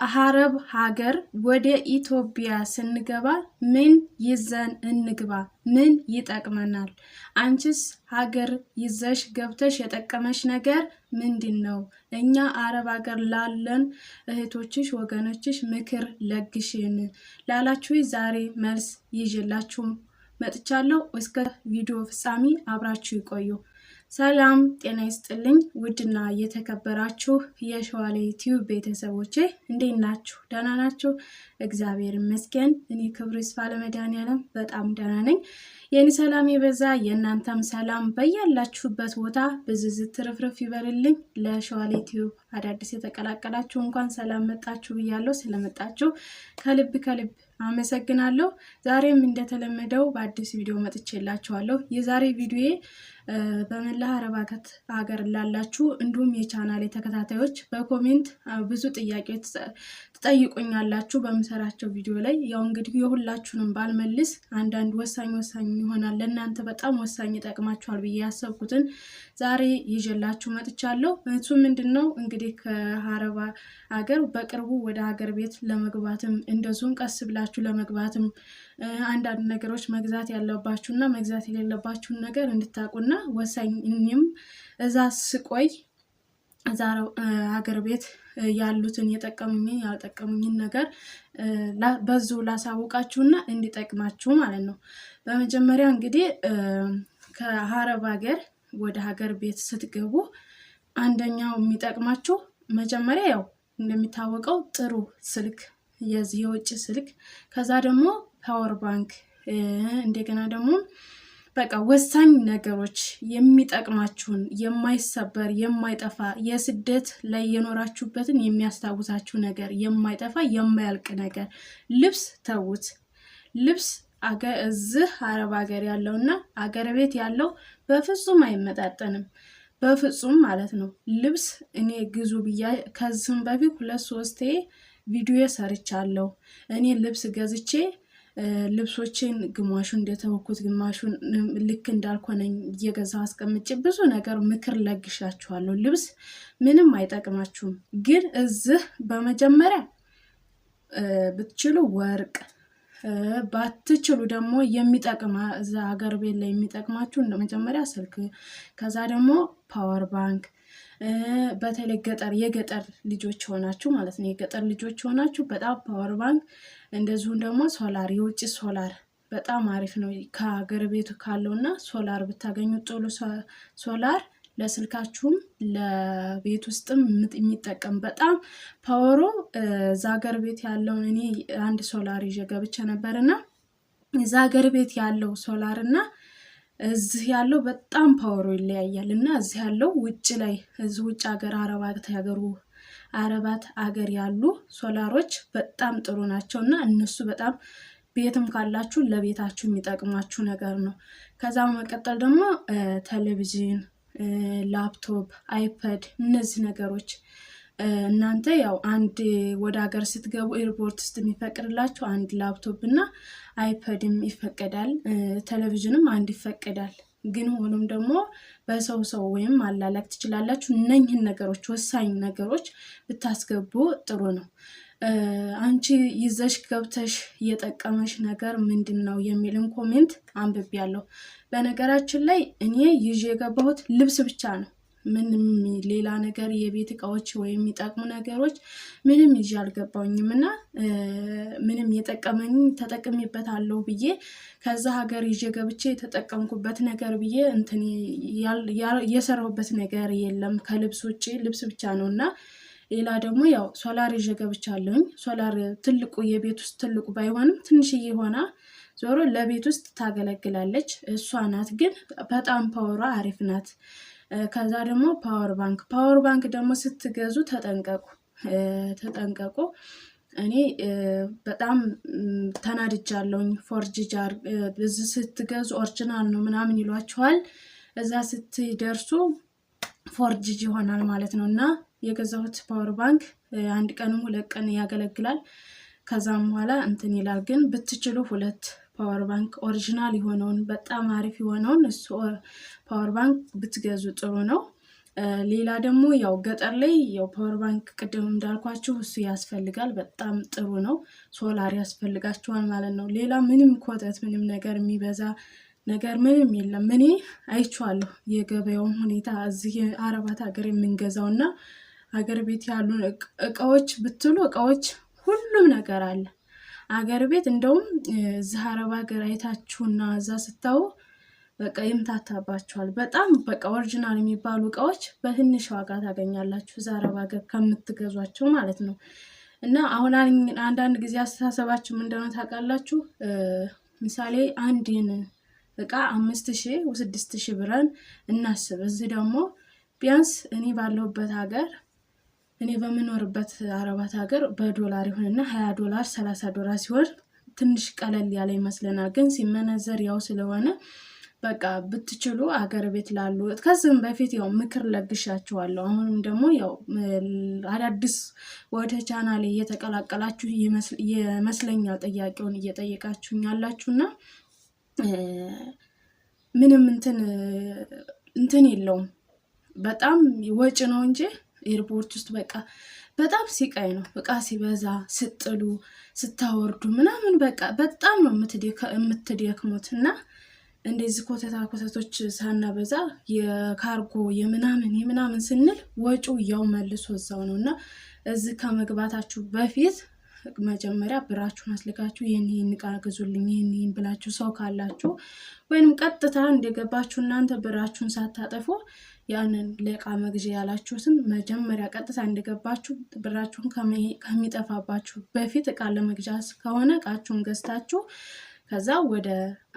ከአረብ ሀገር ወደ ኢትዮጵያ ስንገባ ምን ይዘን እንግባ? ምን ይጠቅመናል? አንቺስ ሀገር ይዘሽ ገብተሽ የጠቀመሽ ነገር ምንድን ነው? እኛ አረብ ሀገር ላለን እህቶችሽ ወገኖችሽ ምክር ለግሽን ላላችሁ ዛሬ መልስ ይዤላችሁ መጥቻለሁ። እስከ ቪዲዮ ፍጻሜ አብራችሁ ይቆዩ። ሰላም ጤና ይስጥልኝ። ውድና እየተከበራችሁ የሸዋሌ ዩቲዩብ ቤተሰቦቼ እንዴት ናችሁ? ደህና ናችሁ? እግዚአብሔር ይመስገን። እኔ ክብሩ ይስፋ ያለም በጣም ደህና ነኝ። የእኔ ሰላም የበዛ የእናንተም ሰላም በያላችሁበት ቦታ ብዝዝ ትርፍርፍ ይበልልኝ። ለሸዋሌ ዩቲዩብ አዳዲስ የተቀላቀላችሁ እንኳን ሰላም መጣችሁ ብያለሁ። ስለመጣችሁ ከልብ ከልብ አመሰግናለሁ። ዛሬም እንደተለመደው በአዲስ ቪዲዮ መጥቼላችኋለሁ። የዛሬ ቪዲዮዬ በመላ አረባከት ሀገር ላላችሁ እንዲሁም የቻናሌ ተከታታዮች በኮሜንት ብዙ ጥያቄዎች ትጠይቁኛላችሁ በምሰራቸው ቪዲዮ ላይ ያው እንግዲህ የሁላችሁንም ባልመልስ አንዳንድ ወሳኝ ወሳኝ ይሆናል ለእናንተ በጣም ወሳኝ ይጠቅማችኋል ብዬ ያሰብኩትን ዛሬ ይዤላችሁ መጥቻለሁ። እሱ ምንድን ነው እንግዲህ ከሀረባ ሀገር በቅርቡ ወደ ሀገር ቤት ለመግባትም እንደዚሁም ቀስ ብላችሁ ለመግባትም አንዳንድ ነገሮች መግዛት ያለባችሁና መግዛት የሌለባችሁን ነገር እንድታውቁና ወሰኝ እኔም እዛ ስቆይ እዛ ሀገር ቤት ያሉትን የጠቀሙኝን ያልጠቀሙኝን ነገር በዙ ላሳውቃችሁና እንዲጠቅማችሁ ማለት ነው። በመጀመሪያ እንግዲህ ከሀረብ ሀገር ወደ ሀገር ቤት ስትገቡ አንደኛው የሚጠቅማችሁ መጀመሪያ ያው እንደሚታወቀው ጥሩ ስልክ የዚህ የውጭ ስልክ ከዛ ደግሞ ፓወር ባንክ እንደገና ደግሞ በቃ ወሳኝ ነገሮች የሚጠቅማችሁን የማይሰበር የማይጠፋ የስደት ላይ የኖራችሁበትን የሚያስታውሳችሁ ነገር የማይጠፋ የማያልቅ ነገር ልብስ ተዉት። ልብስ እዚህ አረብ ሀገር ያለውና አገር ቤት ያለው በፍጹም አይመጣጠንም። በፍጹም ማለት ነው። ልብስ እኔ ግዙ ብያ ከዚህም በፊት ሁለት ሶስቴ ቪዲዮ ሰርቻለሁ። እኔ ልብስ ገዝቼ ልብሶችን ግማሹን እንደተወኩት ግማሹን ልክ እንዳልኮነኝ እየገዛ አስቀምጭ ብዙ ነገር ምክር ለግሻችኋለሁ። ልብስ ምንም አይጠቅማችሁም፣ ግን እዚህ በመጀመሪያ ብትችሉ ወርቅ ባትችሉ ደግሞ የሚጠቅማ እዚ ሀገር ቤት ላይ የሚጠቅማችሁ እንደመጀመሪያ ስልክ፣ ከዛ ደግሞ ፓወር ባንክ በተለይ ገጠር የገጠር ልጆች ሆናችሁ ማለት ነው የገጠር ልጆች ሆናችሁ በጣም ፓወር ባንክ እንደዚሁም ደግሞ ሶላር የውጭ ሶላር በጣም አሪፍ ነው። ከሀገር ቤቱ ካለውና ሶላር ብታገኙ ጥሉ። ሶላር ለስልካችሁም ለቤት ውስጥም የሚጠቀም በጣም ፓወሮ እዛ ሀገር ቤት ያለውን እኔ አንድ ሶላር ይዤ ገብቼ ነበርና እዛ ሀገር ቤት ያለው ሶላር እና እዚህ ያለው በጣም ፓወሩ ይለያያል እና እዚህ ያለው ውጭ ላይ እዚህ ውጭ ሀገር አረባት ያገሩ አረባት አገር ያሉ ሶላሮች በጣም ጥሩ ናቸው እና እነሱ በጣም ቤትም ካላችሁ ለቤታችሁ የሚጠቅማችሁ ነገር ነው። ከዛ በመቀጠል ደግሞ ቴሌቪዥን፣ ላፕቶፕ፣ አይፐድ እነዚህ ነገሮች እናንተ ያው አንድ ወደ ሀገር ስትገቡ ኤርፖርት ውስጥ የሚፈቅድላችሁ አንድ ላፕቶፕ እና አይፐድም ይፈቀዳል። ቴሌቪዥንም አንድ ይፈቀዳል። ግን ሆኖም ደግሞ በሰው ሰው ወይም ማላላክ ትችላላችሁ። እነኝህን ነገሮች ወሳኝ ነገሮች ብታስገቡ ጥሩ ነው። አንቺ ይዘሽ ገብተሽ እየጠቀመሽ ነገር ምንድን ነው የሚልን ኮሜንት አንብቤያለሁ። በነገራችን ላይ እኔ ይዤ የገባሁት ልብስ ብቻ ነው ምንም ሌላ ነገር የቤት እቃዎች ወይም የሚጠቅሙ ነገሮች ምንም ይዤ አልገባኝም እና ምንም የጠቀመኝ ተጠቅሜበታለሁ ብዬ ከዛ ሀገር ይዤ ገብቼ የተጠቀምኩበት ነገር ብዬ እንትን የሰራሁበት ነገር የለም ከልብስ ውጭ ልብስ ብቻ ነው እና ሌላ ደግሞ ያው ሶላር ይዤ ገብቻለሁኝ። ሶላር ትልቁ የቤት ውስጥ ትልቁ ባይሆንም ትንሽዬ ሆና ዞሮ ለቤት ውስጥ ታገለግላለች። እሷ ናት ግን በጣም ፓወሯ አሪፍ ናት። ከዛ ደግሞ ፓወር ባንክ ፓወር ባንክ ደግሞ ስትገዙ ተጠንቀቁ ተጠንቀቁ። እኔ በጣም ተናድጃለሁኝ። ፎርጅ እዚህ ስትገዙ ኦርጅናል ነው ምናምን ይሏችኋል። እዛ ስትደርሱ ፎርጅጅ ይሆናል ማለት ነው። እና የገዛሁት ፓወር ባንክ አንድ ቀንም ሁለት ቀን ያገለግላል። ከዛም በኋላ እንትን ይላል። ግን ብትችሉ ሁለት ፓወር ባንክ ኦሪጂናል የሆነውን በጣም አሪፍ የሆነውን እሱ ፓወር ባንክ ብትገዙ ጥሩ ነው። ሌላ ደግሞ ያው ገጠር ላይ ያው ፓወር ባንክ ቅድም እንዳልኳችሁ እሱ ያስፈልጋል። በጣም ጥሩ ነው። ሶላር ያስፈልጋችኋል ማለት ነው። ሌላ ምንም ኮተት ምንም ነገር የሚበዛ ነገር ምንም የለም። እኔ አይቼዋለሁ የገበያውን ሁኔታ እዚህ አረባት ሀገር የምንገዛውእና ሀገር ቤት ያሉን እቃዎች ብትሉ እቃዎች ሁሉም ነገር አለ። አገር ቤት እንደውም እዚህ አረብ ሀገር አይታችሁና እዛ ስታዩ በቃ ይምታታባችኋል። በጣም በቃ ኦሪጂናል የሚባሉ እቃዎች በትንሽ ዋጋ ታገኛላችሁ እዛ አረብ ሀገር ከምትገዟቸው ማለት ነው። እና አሁን አንዳንድ ጊዜ አስተሳሰባችሁ ምንድነው ታውቃላችሁ? ምሳሌ አንድን እቃ አምስት ሺህ ስድስት ሺህ ብረን እናስብ። እዚህ ደግሞ ቢያንስ እኔ ባለሁበት ሀገር እኔ በምኖርበት አረባት ሀገር በዶላር ይሁንና ሀያ ዶላር ሰላሳ ዶላር ሲሆን ትንሽ ቀለል ያለ ይመስለናል። ግን ሲመነዘር ያው ስለሆነ በቃ ብትችሉ አገር ቤት ላሉ ከዚህም በፊት ያው ምክር ለግሻችኋለሁ። አሁንም ደግሞ ያው አዳዲስ ወደ ቻናሌ እየተቀላቀላችሁ ይመስለኛል ጥያቄውን እየጠየቃችሁኝ ያላችሁና ምንም እንትን እንትን የለውም በጣም ወጪ ነው እንጂ ኤርፖርት ውስጥ በቃ በጣም ሲቃይ ነው። እቃ ሲበዛ ስጥሉ ስታወርዱ ምናምን በቃ በጣም ነው የምትደክሙት እና እንደዚህ ኮተታ ኮተቶች ሳናበዛ የካርጎ የምናምን የምናምን ስንል ወጪው ያው መልሶ እዛው ነው እና እዚህ ከመግባታችሁ በፊት መጀመሪያ ብራችሁን አስልካችሁ ይህን ይህን እቃ ግዙልኝ ይህን ይህን ብላችሁ ሰው ካላችሁ ወይንም ቀጥታ እንደገባችሁ እናንተ ብራችሁን ሳታጠፉ ያንን ለእቃ መግዣ ያላችሁትን መጀመሪያ ቀጥታ እንደገባችሁ ብራችሁን ከሚጠፋባችሁ በፊት እቃ ለመግዣ ከሆነ እቃችሁን ገዝታችሁ ከዛ ወደ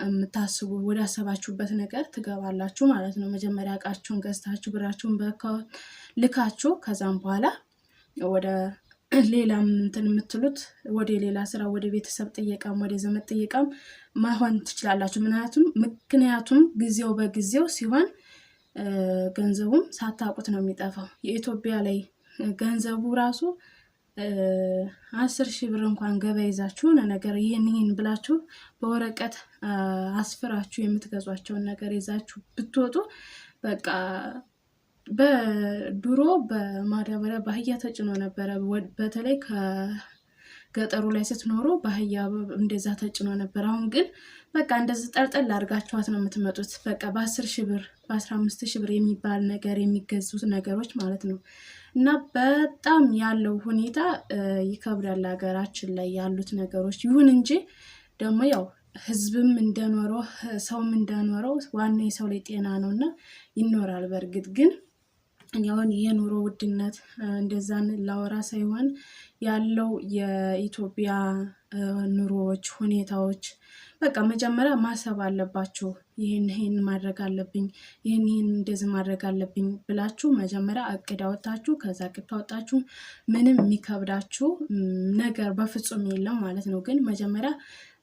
የምታስቡ ወደ አሰባችሁበት ነገር ትገባላችሁ ማለት ነው። መጀመሪያ እቃችሁን ገዝታችሁ ብራችሁን ልካችሁ ከዛም በኋላ ወደ ሌላ እንትን የምትሉት ወደ ሌላ ስራ ወደ ቤተሰብ ጥየቃም ወደ ዘመድ ጥየቃም መሆን ትችላላችሁ። ምክንያቱም ምክንያቱም ጊዜው በጊዜው ሲሆን ገንዘቡም ሳታውቁት ነው የሚጠፋው። የኢትዮጵያ ላይ ገንዘቡ ራሱ አስር ሺህ ብር እንኳን ገበያ ይዛችሁ ነገር ይህን ይህን ብላችሁ በወረቀት አስፍራችሁ የምትገዟቸውን ነገር ይዛችሁ ብትወጡ በቃ በድሮ በማዳበሪያ ባህያ ተጭኖ ነበረ። በተለይ ገጠሩ ላይ ስትኖሩ በአህያ እንደዛ ተጭኖ ነበር። አሁን ግን በቃ እንደዚህ ጠርጠል አድርጋችኋት ነው የምትመጡት። በቃ በአስር ሺህ ብር በአስራ አምስት ሺህ ብር የሚባል ነገር የሚገዙት ነገሮች ማለት ነው። እና በጣም ያለው ሁኔታ ይከብዳል። ሀገራችን ላይ ያሉት ነገሮች ይሁን እንጂ ደግሞ ያው ህዝብም እንደኖረው ሰውም እንደኖረው ዋና የሰው ላይ ጤና ነው እና ይኖራል። በእርግጥ ግን ያሁን የኑሮ ውድነት እንደዛን ላወራ ሳይሆን ያለው የኢትዮጵያ ኑሮዎች ሁኔታዎች በቃ መጀመሪያ ማሰብ አለባችሁ። ይህን ይህን ማድረግ አለብኝ፣ ይህን ይህን እንደዚህ ማድረግ አለብኝ ብላችሁ መጀመሪያ እቅድ አወጣችሁ። ከዛ እቅድ ካወጣችሁ ምንም የሚከብዳችሁ ነገር በፍጹም የለም ማለት ነው። ግን መጀመሪያ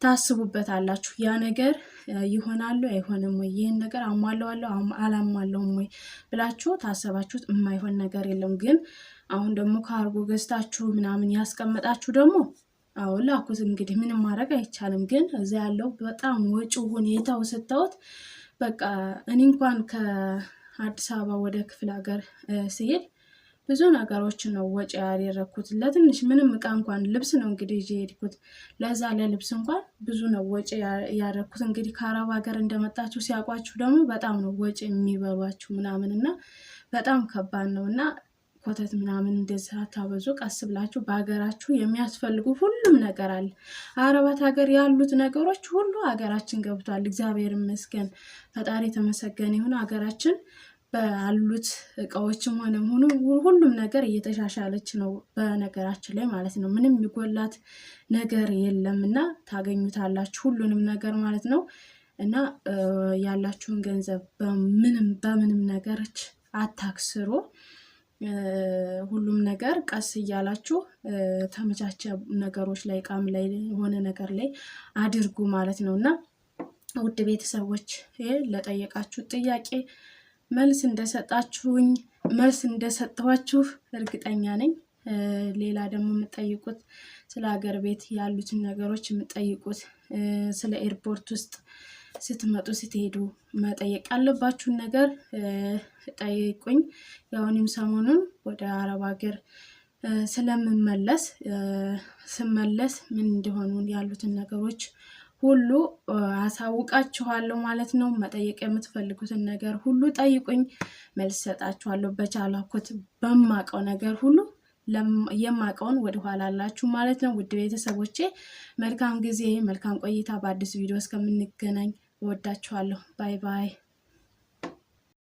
ታስቡበታላችሁ። ያ ነገር ይሆናሉ አይሆንም ወይ ይህን ነገር አሟለዋለሁ አላሟለውም ወይ ብላችሁ ታሰባችሁት የማይሆን ነገር የለም። ግን አሁን ደግሞ ከአርጎ ገዝታችሁ ምናምን ያስቀመጣችሁ ደግሞ አሁን ላኩት እንግዲህ ምንም ማድረግ አይቻልም። ግን እዛ ያለው በጣም ወጪ ሁኔታው ስታዩት በቃ እኔ እንኳን ከአዲስ አበባ ወደ ክፍለ ሀገር ስሄድ ብዙ ነገሮችን ነው ወጪ ያደረግኩት ለትንሽ ምንም እቃ እንኳን ልብስ ነው እንግዲህ ይዤ የሄድኩት። ለዛ ለልብስ እንኳን ብዙ ነው ወጪ ያደረግኩት። እንግዲህ ከአረብ ሀገር እንደመጣችሁ ሲያውቋችሁ ደግሞ በጣም ነው ወጪ የሚበሏችሁ ምናምን እና በጣም ከባድ ነው እና ኮተት ምናምን እንደዚህ አታበዙ። ቀስ ብላችሁ በሀገራችሁ የሚያስፈልጉ ሁሉም ነገር አለ። አረባት ሀገር ያሉት ነገሮች ሁሉ ሀገራችን ገብቷል። እግዚአብሔር ይመስገን፣ ፈጣሪ የተመሰገነ ይሁን። ሀገራችን ባሉት እቃዎችም ሆነ ሆኑ ሁሉም ነገር እየተሻሻለች ነው። በነገራችን ላይ ማለት ነው ምንም የሚጎላት ነገር የለም እና ታገኙታላችሁ ሁሉንም ነገር ማለት ነው እና ያላችሁን ገንዘብ በምንም በምንም ነገሮች አታክስሮ ሁሉም ነገር ቀስ እያላችሁ ተመቻቸ ነገሮች ላይ ቃም ላይ የሆነ ነገር ላይ አድርጉ ማለት ነው እና ውድ ቤተሰቦች ለጠየቃችሁ ጥያቄ መልስ እንደሰጣችሁኝ መልስ እንደሰጠኋችሁ እርግጠኛ ነኝ። ሌላ ደግሞ የምጠይቁት ስለ ሀገር ቤት ያሉትን ነገሮች የምጠይቁት ስለ ኤርፖርት ውስጥ ስትመጡ ስትሄዱ መጠየቅ ያለባችሁን ነገር ጠይቁኝ። የአሁኒም ሰሞኑን ወደ አረብ ሀገር ስለምመለስ ስመለስ ምን እንደሆኑ ያሉትን ነገሮች ሁሉ አሳውቃችኋለሁ ማለት ነው። መጠየቅ የምትፈልጉትን ነገር ሁሉ ጠይቁኝ፣ መልስ ሰጣችኋለሁ። በቻላኩት በማቀው ነገር ሁሉ የማቀውን ወደኋላ አላችሁ ማለት ነው። ውድ ቤተሰቦቼ መልካም ጊዜ፣ መልካም ቆይታ። በአዲስ ቪዲዮ እስከምንገናኝ እወዳችኋለሁ። ባይ ባይ።